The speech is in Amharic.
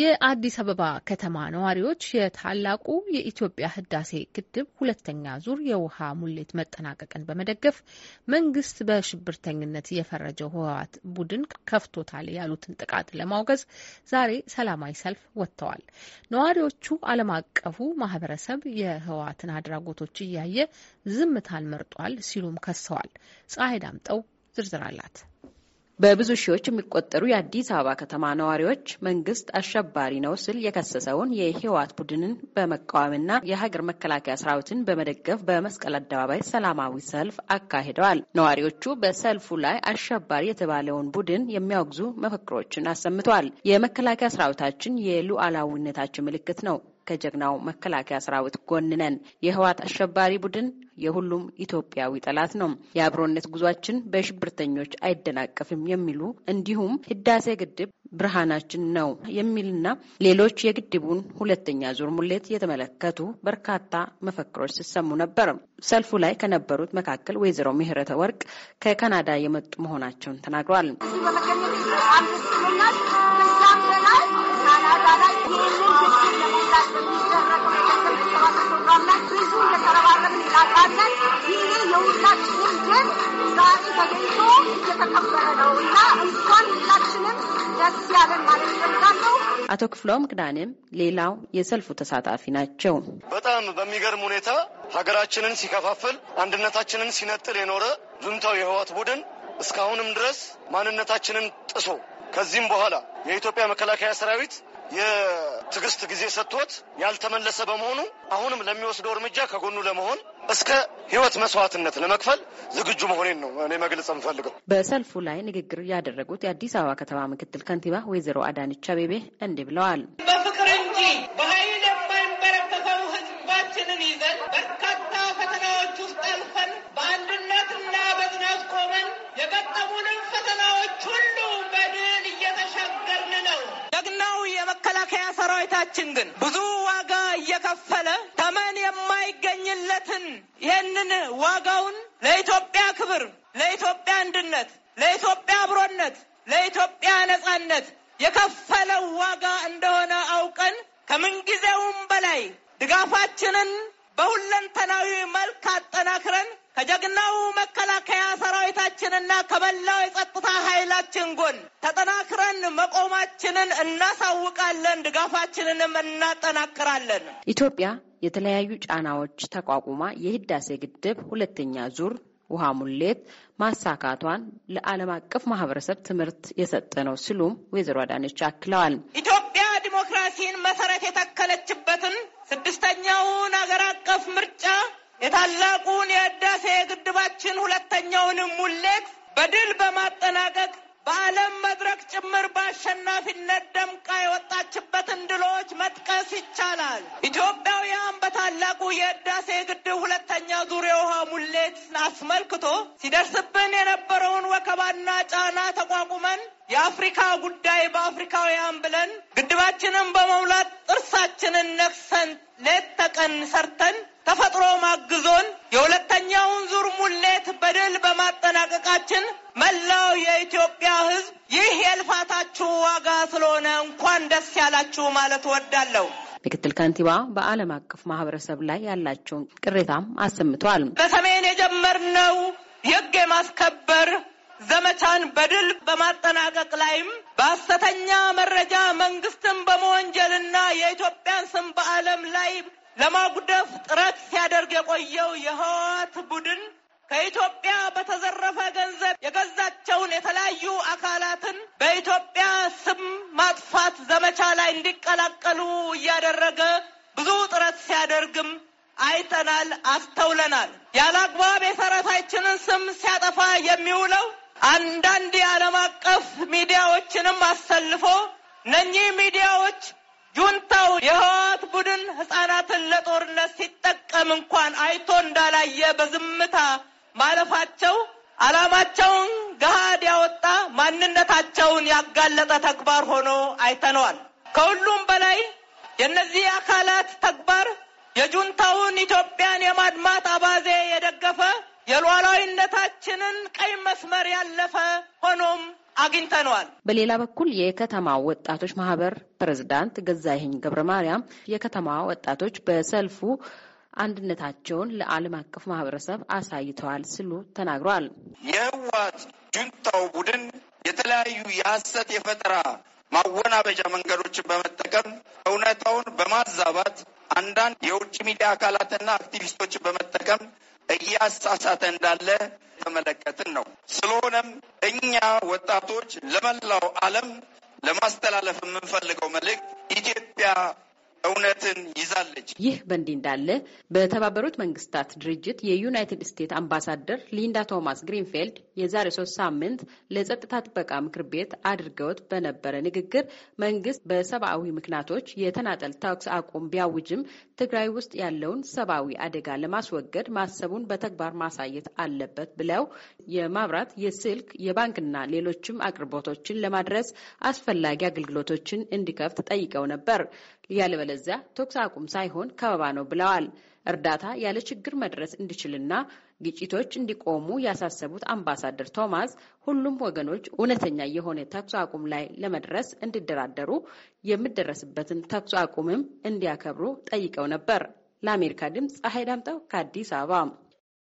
የአዲስ አበባ ከተማ ነዋሪዎች የታላቁ የኢትዮጵያ ህዳሴ ግድብ ሁለተኛ ዙር የውሃ ሙሌት መጠናቀቅን በመደገፍ መንግስት በሽብርተኝነት የፈረጀው ህወሓት ቡድን ከፍቶታል ያሉትን ጥቃት ለማውገዝ ዛሬ ሰላማዊ ሰልፍ ወጥተዋል። ነዋሪዎቹ ዓለም አቀፉ ማህበረሰብ የህወሓትን አድራጎቶች እያየ ዝምታን መርጧል ሲሉም ከሰዋል። ፀሐይ ዳምጠው ዝርዝር አላት። በብዙ ሺዎች የሚቆጠሩ የአዲስ አበባ ከተማ ነዋሪዎች መንግስት አሸባሪ ነው ሲል የከሰሰውን የህወሓት ቡድንን በመቃወምና የሀገር መከላከያ ሰራዊትን በመደገፍ በመስቀል አደባባይ ሰላማዊ ሰልፍ አካሂደዋል። ነዋሪዎቹ በሰልፉ ላይ አሸባሪ የተባለውን ቡድን የሚያወግዙ መፈክሮችን አሰምተዋል። የመከላከያ ሰራዊታችን የሉዓላዊነታችን ምልክት ነው ከጀግናው መከላከያ ሰራዊት ጎን ነን። የህወሓት አሸባሪ ቡድን የሁሉም ኢትዮጵያዊ ጠላት ነው። የአብሮነት ጉዟችን በሽብርተኞች አይደናቀፍም የሚሉ እንዲሁም ህዳሴ ግድብ ብርሃናችን ነው የሚልና ሌሎች የግድቡን ሁለተኛ ዙር ሙሌት የተመለከቱ በርካታ መፈክሮች ሲሰሙ ነበር። ሰልፉ ላይ ከነበሩት መካከል ወይዘሮ ምህረተ ወርቅ ከካናዳ የመጡ መሆናቸውን ተናግሯል። ዛሬ ተገኝቶ እየተከበረ ነው እና እንኳን ሁላችንም ደስ ያለን ማለት አቶ ክፍለውም ቅዳኔም ሌላው የሰልፉ ተሳታፊ ናቸው። በጣም በሚገርም ሁኔታ ሀገራችንን ሲከፋፍል አንድነታችንን ሲነጥል የኖረ ዙንታው የህወሓት ቡድን እስካሁንም ድረስ ማንነታችንን ጥሶ ከዚህም በኋላ የኢትዮጵያ መከላከያ ሰራዊት የትዕግስት ጊዜ ሰጥቶት ያልተመለሰ በመሆኑ አሁንም ለሚወስደው እርምጃ ከጎኑ ለመሆን እስከ ህይወት መስዋዕትነት ለመክፈል ዝግጁ መሆኔን ነው እኔ መግለጽ የምፈልገው። በሰልፉ ላይ ንግግር ያደረጉት የአዲስ አበባ ከተማ ምክትል ከንቲባ ወይዘሮ አዳነች አቤቤ እንዲህ ብለዋል። በፍቅር እንጂ በኃይል የማንበረከከው ህዝባችንን ይዘን በርካታ ፈተናዎች ውስጥ አልፈን በአንድነትና በጽናት ቆመን የገጠሙንም ፈተናዎች ሁሉ በድል እየተሻገርን ነው። ደግናው የመከላከያ ሰራዊታችን ግን ብዙ ዋጋ እውነትን ይህንን ዋጋውን ለኢትዮጵያ ክብር፣ ለኢትዮጵያ አንድነት፣ ለኢትዮጵያ አብሮነት፣ ለኢትዮጵያ ነጻነት የከፈለው ዋጋ እንደሆነ አውቀን ከምንጊዜውም በላይ ድጋፋችንን በሁለንተናዊ መልክ አጠናክረን ከጀግናው መከላከያ ሰራዊታችንና ከመላው የጸጥታ ኃይላችን ጎን ተጠናክረን መቆማችንን እናሳውቃለን። ድጋፋችንንም እናጠናክራለን። ኢትዮጵያ የተለያዩ ጫናዎች ተቋቁማ የህዳሴ ግድብ ሁለተኛ ዙር ውሃ ሙሌት ማሳካቷን ለዓለም አቀፍ ማህበረሰብ ትምህርት የሰጠ ነው ሲሉም ወይዘሮ አዳነች አክለዋል። ኢትዮጵያ ዲሞክራሲን መሰረት የተከለችበትን ስድስተኛውን አገር አቀፍ ምርጫ የታላቁን የህዳሴ ግድባችን ሁለተኛውንም ሙሌት በድል በማጠናቀቅ በዓለም መድረክ ጭምር በአሸናፊነት ደምቃ የወጣችበትን ድሎች መጥቀስ ይቻላል። ኢትዮጵያውያን በታላቁ የህዳሴ ግድብ ሁለተኛ ዙር የውሃ ሙሌት አስመልክቶ ሲደርስብን የነበረውን ወከባና ጫና ተቋቁመን የአፍሪካ ጉዳይ በአፍሪካውያን ብለን ሆዳችንን በመሙላት ጥርሳችንን ነክሰን ሌት ተቀን ሰርተን ተፈጥሮ ማግዞን የሁለተኛውን ዙር ሙሌት በድል በማጠናቀቃችን መላው የኢትዮጵያ ሕዝብ ይህ የልፋታችሁ ዋጋ ስለሆነ እንኳን ደስ ያላችሁ ማለት እወዳለሁ። ምክትል ከንቲባ በዓለም አቀፍ ማህበረሰብ ላይ ያላቸውን ቅሬታም አሰምተዋል። በሰሜን የጀመርነው የህግ የማስከበር ዘመቻን በድል በማጠናቀቅ ላይም በሐሰተኛ መረጃ መንግስትን በመወንጀልና የኢትዮጵያን ስም በዓለም ላይ ለማጉደፍ ጥረት ሲያደርግ የቆየው የህወሓት ቡድን ከኢትዮጵያ በተዘረፈ ገንዘብ የገዛቸውን የተለያዩ አካላትን በኢትዮጵያ ስም ማጥፋት ዘመቻ ላይ እንዲቀላቀሉ እያደረገ ብዙ ጥረት ሲያደርግም አይተናል፣ አስተውለናል። ያለ አግባብ የሰራዊታችንን ስም ሲያጠፋ የሚውለው አንዳንድ የዓለም አቀፍ ሚዲያዎችንም አሰልፎ እነኚህ ሚዲያዎች ጁንታው የህወሓት ቡድን ህጻናትን ለጦርነት ሲጠቀም እንኳን አይቶ እንዳላየ በዝምታ ማለፋቸው ዓላማቸውን ገሃድ ያወጣ ማንነታቸውን ያጋለጠ ተግባር ሆኖ አይተነዋል። ከሁሉም በላይ የእነዚህ አካላት ተግባር የጁንታውን ኢትዮጵያን የማድማት አባዜ የደገፈ የሉዓላዊነታችንን ቀይ መስመር ያለፈ ሆኖም አግኝተነዋል። በሌላ በኩል የከተማ ወጣቶች ማህበር ፕሬዝዳንት ገዛይህኝ ገብረ ማርያም የከተማ ወጣቶች በሰልፉ አንድነታቸውን ለዓለም አቀፍ ማህበረሰብ አሳይተዋል ሲሉ ተናግረዋል። የህወሓት ጁንታው ቡድን የተለያዩ የሐሰት የፈጠራ ማወናበጃ መንገዶችን በመጠቀም እውነታውን በማዛባት አንዳንድ የውጭ ሚዲያ አካላትና አክቲቪስቶችን በመጠቀም እያሳሳተ እንዳለ ተመለከትን ነው። ስለሆነም እኛ ወጣቶች ለመላው ዓለም ለማስተላለፍ የምንፈልገው መልእክት ኢትዮጵያ እውነትን ይዛለች። ይህ በእንዲህ እንዳለ በተባበሩት መንግስታት ድርጅት የዩናይትድ ስቴትስ አምባሳደር ሊንዳ ቶማስ ግሪንፌልድ የዛሬ ሶስት ሳምንት ለጸጥታ ጥበቃ ምክር ቤት አድርገውት በነበረ ንግግር መንግስት በሰብአዊ ምክንያቶች የተናጠል ተኩስ አቁም ቢያውጅም ትግራይ ውስጥ ያለውን ሰብአዊ አደጋ ለማስወገድ ማሰቡን በተግባር ማሳየት አለበት ብለው የማብራት፣ የስልክ፣ የባንክና ሌሎችም አቅርቦቶችን ለማድረስ አስፈላጊ አገልግሎቶችን እንዲከፍት ጠይቀው ነበር። ያለበለዚያ ተኩስ አቁም ሳይሆን ከበባ ነው ብለዋል። እርዳታ ያለ ችግር መድረስ እንዲችልና ግጭቶች እንዲቆሙ ያሳሰቡት አምባሳደር ቶማስ ሁሉም ወገኖች እውነተኛ የሆነ ተኩስ አቁም ላይ ለመድረስ እንዲደራደሩ የሚደረስበትን ተኩስ አቁምም እንዲያከብሩ ጠይቀው ነበር። ለአሜሪካ ድምፅ ፀሐይ ዳምጠው ከአዲስ አበባ